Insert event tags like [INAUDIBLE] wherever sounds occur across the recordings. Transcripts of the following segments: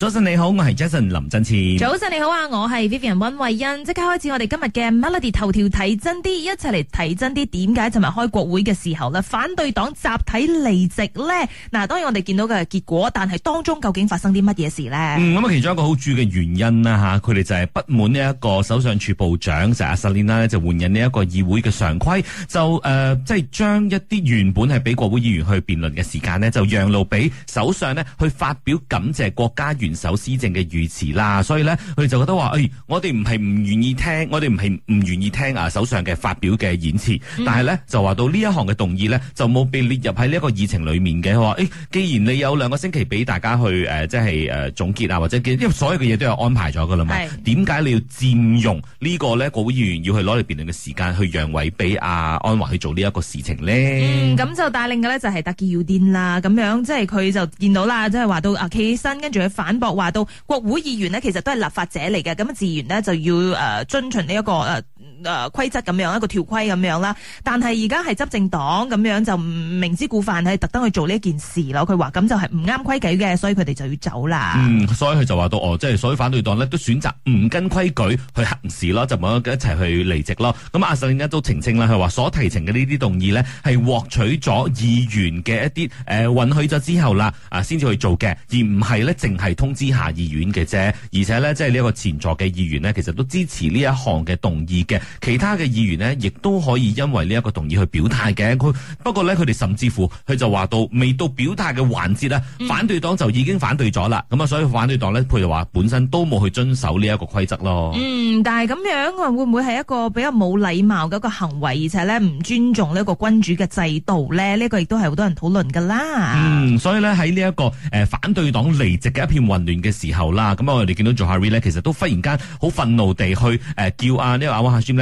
早晨你好，我係 Jason 林振千。早晨你好啊，我係 Vivian 温慧欣。即刻開始我哋今日嘅 Melody 頭條睇真啲，一齊嚟睇真啲，點解尋日開國會嘅時候呢，反對黨集體離席呢？嗱，當然我哋見到嘅係結果，但係當中究竟發生啲乜嘢事呢？咁、嗯、啊，其中一個好主嘅原因啦，吓，佢哋就係不滿呢一個首相處部長就是、Azalina 呢就換引呢一個議會嘅常規，就誒，即係將一啲原本係俾國會議員去辯論嘅時間呢，就讓路俾首相呢，去發表感謝國家元首施政嘅語詞啦，所以呢，佢就覺得話，誒、欸，我哋唔係唔願意聽，我哋唔係唔願意聽啊首相嘅發表嘅演辭。但係呢，嗯、就話到呢一項嘅動議呢，就冇被列入喺呢一個議程裡面嘅。佢話、欸，既然你有兩個星期俾大家去誒、呃，即係誒、呃、總結啊，或者因為所有嘅嘢都有安排咗噶啦嘛。點解你要佔用呢個呢？國會議員要去攞嚟辯論嘅時間去讓位俾阿、啊、安華去做呢一個事情呢？嗯，咁就帶領嘅呢，就係特區要電啦，咁樣即係佢就見到啦，即係話到啊，企起身跟住去反。博話到國會議員咧，其實都係立法者嚟嘅，咁啊，自然咧就要誒遵循呢一個誒。呃誒、呃、規則咁樣一個條規咁樣啦，但係而家係執政黨咁樣就明知故犯係特登去做呢件事咯。佢話咁就係唔啱規矩嘅，所以佢哋就要走啦。嗯，所以佢就話到哦，即、就、係、是、所以反對黨呢，都選擇唔跟規矩去行事咯，就冇一齊去離席咯。咁阿盛欣都澄清啦，佢話所提呈嘅呢啲動議呢，係獲取咗議員嘅一啲誒、呃、允許咗之後啦，啊先至去做嘅，而唔係呢淨係通知下議院嘅啫。而且呢，即係呢一個前座嘅議員呢，其實都支持呢一項嘅動議嘅。其他嘅議員呢，亦都可以因為呢一個動議去表態嘅。佢不過呢，佢哋甚至乎佢就話到未到表態嘅環節呢、嗯，反對黨就已經反對咗啦。咁啊，所以反對黨呢，譬如話本身都冇去遵守呢一個規則咯。嗯，但係咁樣會唔會係一個比較冇禮貌嘅一個行為，而且呢唔尊重呢個君主嘅制度呢？呢個亦都係好多人討論噶啦。嗯，所以呢，喺呢一個反對黨離席嘅一片混亂嘅時候啦，咁我哋見到做 Harry 呢其實都忽然間好憤怒地去叫啊呢個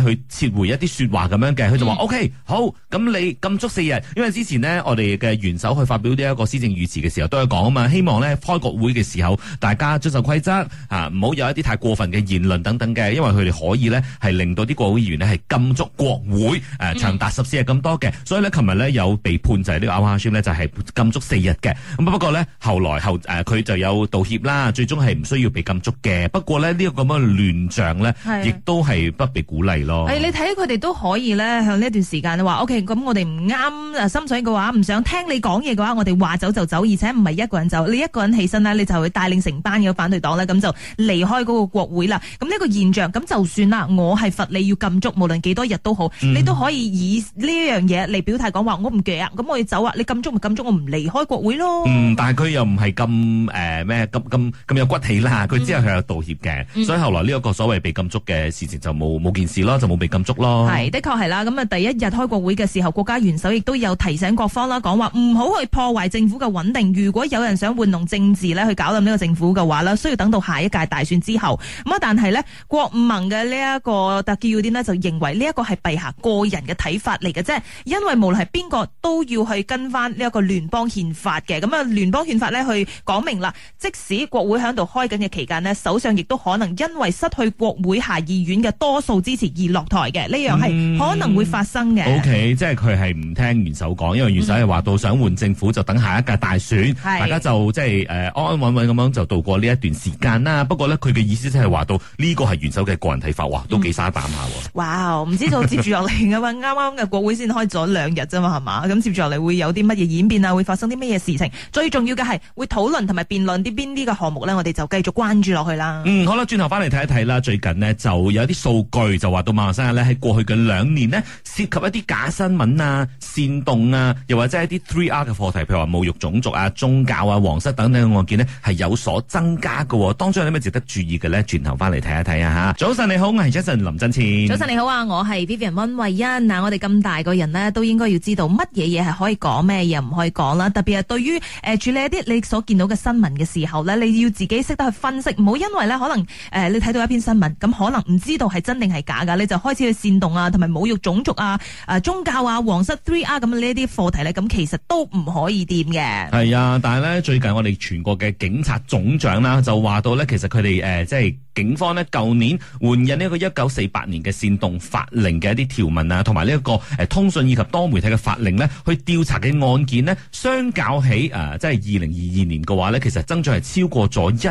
去撤回一啲說話咁樣嘅，佢就話：OK，好，咁你禁足四日。因為之前呢，我哋嘅元首去發表呢一個施政預詞嘅時候，都有講啊嘛。希望呢開國會嘅時候，大家遵守規則啊，唔好有一啲太過分嘅言論等等嘅。因為佢哋可以呢係令到啲國會議員呢係禁足國會誒、啊、長達十四日咁多嘅、嗯。所以呢，琴日呢有被判就係呢個亞馬孫就係、是、禁足四日嘅。咁不過呢，後來後佢、啊、就有道歉啦，最終係唔需要被禁足嘅。不過呢，呢、這、一個咁嘅亂象呢，亦都係不被鼓勵。誒、哎，你睇佢哋都可以咧，向呢段時間話，O K，咁我哋唔啱心水嘅話，唔想聽你講嘢嘅話，我哋話走就走，而且唔係一個人走，你一個人起身呢，你就會帶領成班嘅反對黨呢，咁就離開嗰個國會啦。咁呢個現象，咁就算啦，我係罰你要禁足，無論幾多日都好，你都可以以呢樣嘢嚟表態講話，我唔記啊，咁我要走啊，你禁足咪禁足，我唔離開國會咯。嗯，但係佢又唔係咁誒咩？咁咁咁有骨氣啦。佢、嗯、之後佢有道歉嘅、嗯，所以後來呢個所謂被禁足嘅事情就冇冇件事咯。就冇被禁足咯，係，的確係啦。咁啊，第一日開國會嘅時候，國家元首亦都有提醒各方啦，講話唔好去破壞政府嘅穩定。如果有人想玩弄政治咧，去搞亂呢個政府嘅話呢，需要等到下一屆大選之後。咁啊，但係呢，國盟嘅呢一個特叫啲呢？就認為呢一個係陛下個人嘅睇法嚟嘅啫。因為無論係邊個都要去跟翻呢一個聯邦憲法嘅。咁啊，聯邦憲法呢，去講明啦，即使國會喺度開緊嘅期間呢，首相亦都可能因為失去國會下議院嘅多數支持。而落台嘅，呢樣係可能會發生嘅。嗯、OK，即係佢係唔聽元首講，因為元首係話到想換政府就等下一屆大選，嗯，大家就即係誒安安穩穩咁樣就度過呢一段時間啦，嗯。不過呢，佢嘅意思即係話到呢個係元首嘅個人睇法，哇，都幾沙膽下、啊嗯。哇，唔知道接住落嚟嘅話，啱啱嘅國會先開咗兩日啫嘛，係嘛？咁接住落嚟會有啲乜嘢演變啊？會發生啲乜嘢事情？最重要嘅係會討論同埋辯論啲邊啲嘅項目呢，我哋就繼續關注落去啦。嗯，好啦，轉頭翻嚟睇一睇啦，最近呢，就有啲數據就話。到馬來西亞咧，喺過去嘅兩年呢，涉及一啲假新聞啊、煽動啊，又或者一啲 three R 嘅課題，譬如話侮辱種族啊、宗教啊、皇室等等嘅案件呢，係有所增加嘅、啊。當中有啲咩值得注意嘅呢？轉頭翻嚟睇一睇啊！嚇，早晨你好，我係 Jason 林振前。早晨你好啊，我係 Vivian 温慧欣，嗱，我哋咁大個人呢，都應該要知道乜嘢嘢係可以講，咩嘢唔可以講啦。特別係對於誒處理一啲你所見到嘅新聞嘅時候呢，你要自己識得去分析，唔好因為呢，可能誒你睇到一篇新聞咁，可能唔知道係真定係假嘅。你就開始去煽動啊，同埋侮辱種族啊、啊宗教啊、皇室 Three R 咁嘅呢一啲課題咧，咁其實都唔可以掂嘅。係啊，但係咧，最近我哋全國嘅警察總長啦，就話到咧，其實佢哋誒即係。警方咧，舊年援引呢個一九四八年嘅煽動法令嘅一啲條文啊，同埋呢一個誒通訊以及多媒體嘅法令咧，去調查嘅案件咧，相較起誒、呃、即係二零二二年嘅話咧，其實增長係超過咗一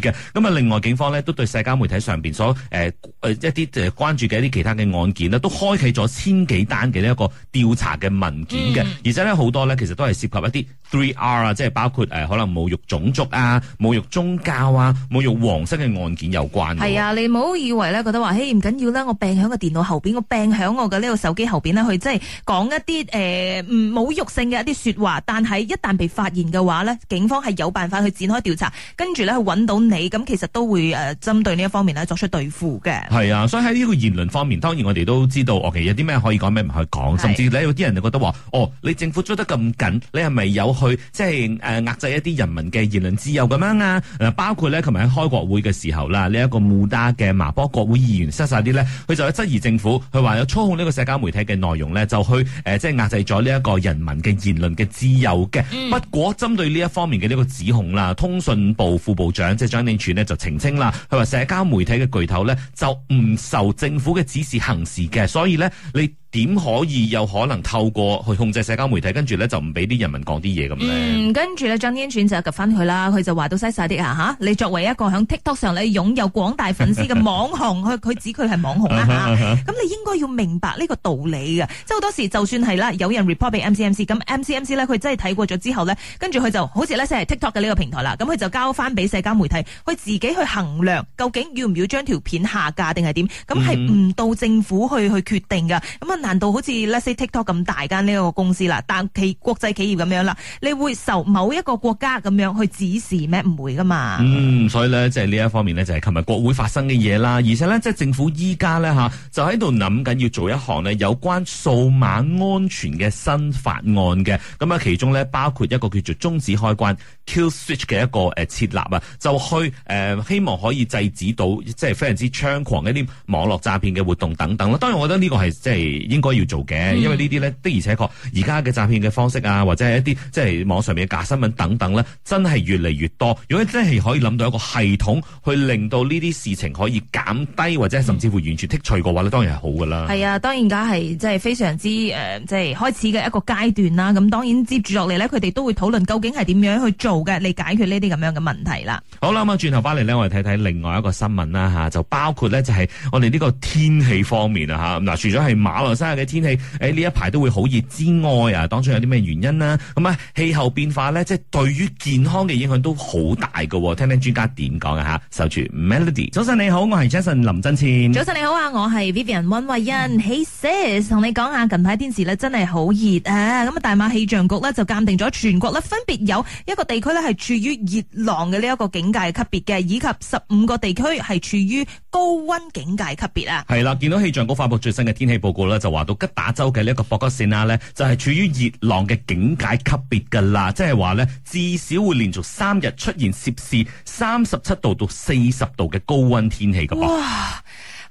倍嘅。咁啊，另外警方咧都對社交媒體上邊所誒誒、呃、一啲誒關注嘅一啲其他嘅案件咧，都開啟咗千幾單嘅呢一個調查嘅文件嘅、嗯，而且咧好多咧，其實都係涉及一啲 three R 啊，即係包括誒可能侮辱種族啊、侮辱宗教啊、侮辱皇室嘅案件。有關係啊！你唔好以為咧，覺得話嘿唔緊要啦，我病喺個電腦後邊，我病喺我嘅呢個手機後邊呢，去即係講一啲誒唔侮辱性嘅一啲說話。但係一旦被發現嘅話咧，警方係有辦法去展開調查，跟住咧去搵到你。咁其實都會誒針對呢一方面作出對付嘅。係啊，所以喺呢個言論方面，當然我哋都知道，我、OK, 有啲咩可以講，咩唔可以講，甚至有啲人就覺得話，哦，你政府追得咁緊，你係咪有去即係誒壓制一啲人民嘅言論自由咁樣啊？包括咧琴日喺開國會嘅時候啦。呢、這、一個 MUDA 嘅麻波國會議員失曬啲呢，佢就質疑政府，佢話有操控呢個社交媒體嘅內容呢，就去誒、呃、即係壓制咗呢一個人民嘅言論嘅自由嘅、嗯。不過針對呢一方面嘅呢個指控啦，通訊部副部長即係張念群呢，就澄清啦，佢話社交媒體嘅巨頭呢，就唔受政府嘅指示行事嘅，所以呢。你。點可以有可能透過去控制社交媒體，跟住咧就唔俾啲人民講啲嘢咁咧？嗯，跟住咧張英傳就及翻佢啦，佢就話到晒晒啲啊吓！你作為一個響 TikTok 上你擁有廣大粉絲嘅網, [LAUGHS] 網紅，佢佢指佢係網紅啦吓，咁、啊啊啊啊、你應該要明白呢個道理嘅，即係好多時就算係啦，有人 report 俾 M C M C，咁 M C M C 呢，佢真係睇過咗之後咧，跟住佢就好似咧先係 TikTok 嘅呢個平台啦，咁佢就交翻俾社交媒體，佢自己去衡量究竟要唔要將條片下架定係點，咁係唔到政府去去決定嘅，咁、嗯、啊。難道好似 let's say TikTok 咁大間呢一個公司啦？但其國際企業咁樣啦，你會受某一個國家咁樣去指示咩？唔會噶嘛。嗯，所以咧，即係呢一方面呢，就係琴日國會發生嘅嘢啦。而且呢，即、就、係、是、政府依家呢，吓、啊，就喺度諗緊要做一項呢有關數碼安全嘅新法案嘅。咁啊，其中呢，包括一個叫做終止開關 kill switch 嘅一個誒設立啊，就去誒、呃、希望可以制止到即係、就是、非常之猖狂一啲網絡詐騙嘅活動等等啦。當然，我覺得呢個係即係。就是應該要做嘅，因為這些呢啲呢的而且確，而家嘅詐騙嘅方式啊，或者係一啲即係網上面嘅假新聞等等呢，真係越嚟越多。如果真係可以諗到一個系統去令到呢啲事情可以減低，或者甚至乎完全剔除嘅話咧、嗯，當然係好噶啦。係啊，當然而家係即係非常之誒，即、呃、係、即係、開始嘅一個階段啦。咁當然接住落嚟呢，佢哋都會討論究竟係點樣去做嘅，嚟解決呢啲咁樣嘅問題啦。好啦，咁啊轉頭翻嚟呢，我哋睇睇另外一個新聞啦吓，就包括呢，就係我哋呢個天氣方面啊吓，嗱，除咗係馬來今日嘅天氣，誒呢一排都會好熱之外啊，當中有啲咩原因呢？咁啊，氣候變化咧，即係對於健康嘅影響都好大嘅。聽聽專家點講啊吓，守住 Melody。早晨你好，我係 Jason 林振千。早晨你好啊，我係 Vivian 溫慧欣。He says 同你講下，近排天時咧真係好熱啊！咁啊，大馬氣象局咧就鑒定咗全國咧，分別有一個地區咧係處於熱浪嘅呢一個警戒級別嘅，以及十五個地區係處於高温警戒級別啊。係啦，見到氣象局發布最新嘅天氣報告咧，就話到吉打州嘅呢一個博吉線啊，咧就係、是、處於熱浪嘅警戒級別噶啦，即係話呢，至少會連續三日出現攝氏三十七度到四十度嘅高溫天氣噶噃。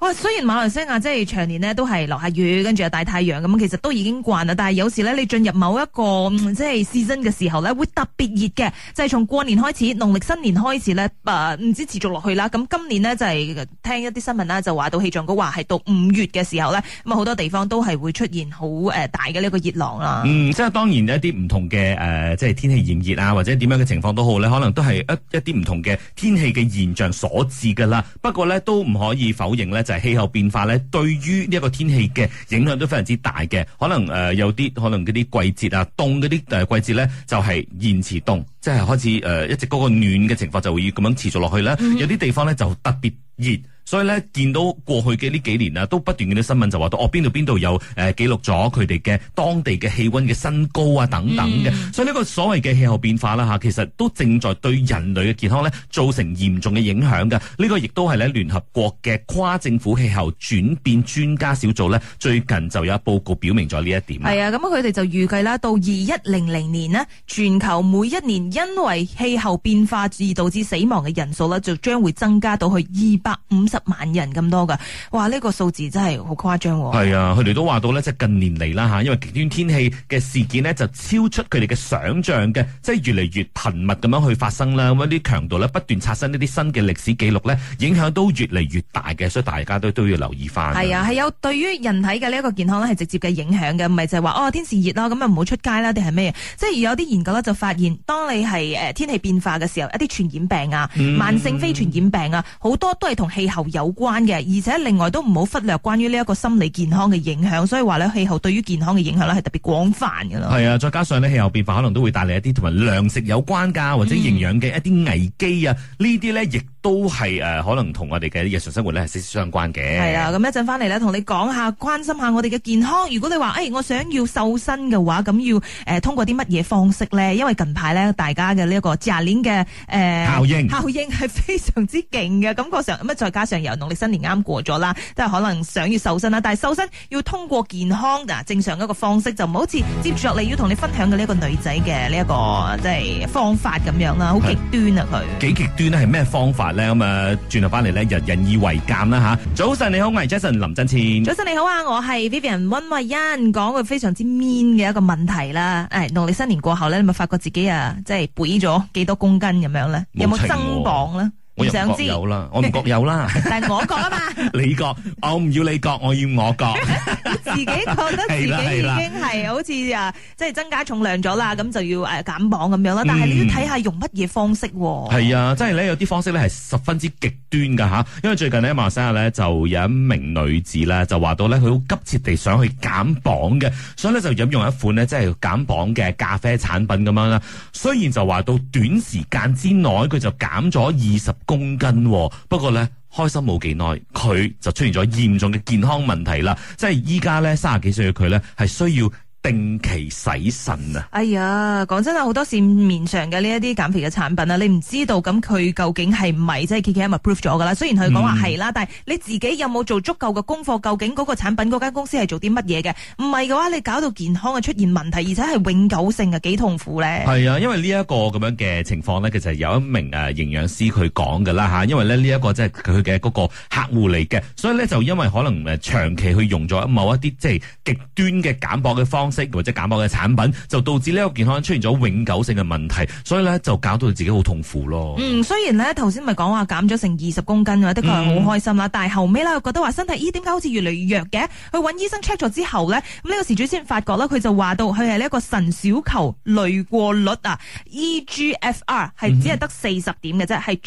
哇！雖然馬來西亞即係長年咧都係落下雨，跟住又大太陽咁，其實都已經慣啦。但係有時咧，你進入某一個即係 season 嘅時候咧，會特別熱嘅。就係、是、從過年開始，農曆新年開始呢，唔、呃、知持續落去啦。咁今年呢，就係聽一啲新聞啦，就話到氣象局話係到五月嘅時候呢，咁啊好多地方都係會出現好誒大嘅呢個熱浪啦、嗯。即係當然一啲唔同嘅誒、呃，即係天氣炎熱啊，或者點樣嘅情況都好咧，可能都係一一啲唔同嘅天氣嘅現象所致噶啦。不過呢，都唔可以否認呢。就係氣候變化咧，對於呢一個天氣嘅影響都非常之大嘅。可能誒、呃、有啲可能嗰啲季節啊，凍嗰啲誒季節咧，就係延遲凍，即係開始誒、呃、一直嗰個暖嘅情況就會咁樣持續落去啦。有啲地方咧就特別熱。所以咧，見到過去嘅呢幾年啊，都不斷見到新聞就話到，哦邊度邊度有誒記錄咗佢哋嘅當地嘅氣温嘅新高啊等等嘅、嗯。所以呢個所謂嘅氣候變化啦嚇，其實都正在對人類嘅健康呢，造成嚴重嘅影響㗎。呢、呢個亦都係咧聯合國嘅跨政府氣候轉變專家小組呢，最近就有一報告表明咗呢一點。係啊，咁佢哋就預計啦，到二一零零年呢，全球每一年因為氣候變化而導致死亡嘅人數呢，就將會增加到去二百五十萬人咁多噶，哇！呢、這個數字真係好誇張。係啊，佢哋都話到呢，即係近年嚟啦吓，因為極端天氣嘅事件呢，就超出佢哋嘅想象嘅，即係越嚟越頻密咁樣去發生啦。咁啊啲強度呢，不斷刷新呢啲新嘅歷史記錄呢，影響都越嚟越大嘅，所以大家都都要留意翻。係啊，係有對於人體嘅呢一個健康呢，係直接嘅影響嘅，唔係就係話哦天時熱啦，咁啊唔好出街啦，定係咩？即係有啲研究呢，就發現，當你係誒天氣變化嘅時候，一啲傳染病啊、慢性非傳染病啊，好、嗯、多都係同氣候。有關嘅，而且另外都唔好忽略關於呢一個心理健康嘅影響，所以話咧，氣候對於健康嘅影響咧係特別廣泛噶啦。係啊，再加上咧氣候變化可能都會帶嚟一啲同埋糧食有關噶，或者營養嘅一啲危機啊，嗯、呢啲咧亦。都係誒、呃，可能同我哋嘅日常生活咧係息息相關嘅。係啊，咁一陣翻嚟咧，同你講下關心下我哋嘅健康。如果你話誒，我想要瘦身嘅話，咁要誒、呃、通過啲乜嘢方式咧？因為近排咧，大家嘅呢一個廿年嘅誒、呃、效應效應係非常之勁嘅。感覺上乜再加上由農曆新年啱過咗啦，都係可能想要瘦身啦。但係瘦身要通過健康嗱正常一個方式，就唔好似接住落嚟要同你分享嘅呢個女仔嘅呢一個即係方法咁樣啦，好極端啊，佢幾極端呢？係咩方法？咧，咁啊，轉頭翻嚟咧，人人以為鑒啦吓。早晨你好，我係 Jason 林振前。早晨你好啊，我係 Vivian 溫慧欣。講個非常之 mean 嘅一個問題啦。誒、哎，農曆新年過後咧，你咪發覺自己啊，即係背咗幾多公斤咁樣咧，有冇增磅咧？我想知，得有啦，我唔覺得有啦，但係我覺啊嘛， [LAUGHS] [LAUGHS] [LAUGHS] 你覺，我唔要你覺，我要我覺， [LAUGHS] [LAUGHS] 自己覺得自己已經係 [LAUGHS] 好似啊，即係增加重量咗啦，咁、嗯、就要誒減磅咁樣啦。但係你要睇下用乜嘢方式喎？係、嗯、啊， [LAUGHS] 真係咧，有啲方式咧係十分之極端噶嚇，因為最近呢，馬鞍山咧就有一名女子呢，就話到咧，佢好急切地想去減磅嘅，所以咧就飲用一款呢，即係減磅嘅咖啡產品咁樣啦。雖然就話到短時間之內佢就減咗二十公斤喎，不過咧，開心冇幾耐，佢就出現咗嚴重嘅健康問題啦！即係依家咧，三十幾歲嘅佢咧，係需要。定期洗腎啊！哎呀，講真啊，好多市面上嘅呢一啲減肥嘅產品啊，你唔知道咁佢究竟係唔係即係 KKM proof 咗噶啦？雖然佢講話係啦，但係你自己有冇做足夠嘅功課？究竟嗰個產品嗰間公司係做啲乜嘢嘅？唔係嘅話，你搞到健康啊出現問題，而且係永久性嘅，幾痛苦咧！係啊，因為呢一個咁樣嘅情況呢，其實有一名誒營養師佢講㗎啦吓，因為呢一、呢個即係佢嘅嗰個客戶嚟嘅，所以呢，就因為可能誒長期去用咗某一啲即係極端嘅減磅嘅方法。或者減磅嘅產品就導致呢一個健康出現咗永久性嘅問題，所以咧就搞到自己好痛苦咯。嗯，雖然咧頭先咪講話減咗成二十公斤啊，的確係好開心啦、嗯。但係後尾咧覺得話身體咦點解好似越嚟越弱嘅？去揾醫生 check 咗之後呢，咁呢個事主先發覺啦，佢就話到佢係一個腎小球濾過率啊，eGFR 係只係得四十點嘅啫，係、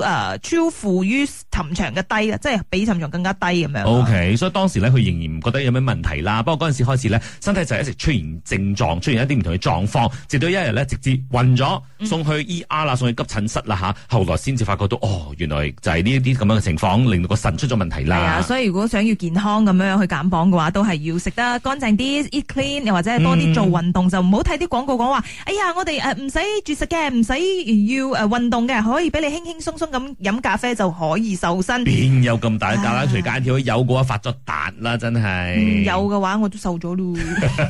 嗯、超超乎於尋常嘅低即係、就是、比尋常更加低咁樣。O、okay, K，所以當時咧佢仍然唔覺得有咩問題啦。不過嗰陣時開始咧，身體就係一直出現症狀，出現一啲唔同嘅狀況，直到一日咧直接暈咗，送去 E.R. 啦，送去急診室啦嚇，後來先至發覺到，哦，原來就係呢一啲咁樣嘅情況，令到個腎出咗問題啦、啊。所以如果想要健康咁樣去減磅嘅話，都係要食得乾淨啲，eat clean，又或者係多啲做運動，嗯、就唔好睇啲廣告講話，哎呀，我哋誒唔使節食嘅，唔使要誒運動嘅，可以俾你輕輕鬆鬆咁飲咖啡就可以瘦身。邊有咁大，蛤乸隨街跳、嗯，有嘅話發咗達啦，真係有嘅話我都瘦咗咯。 [LAUGHS]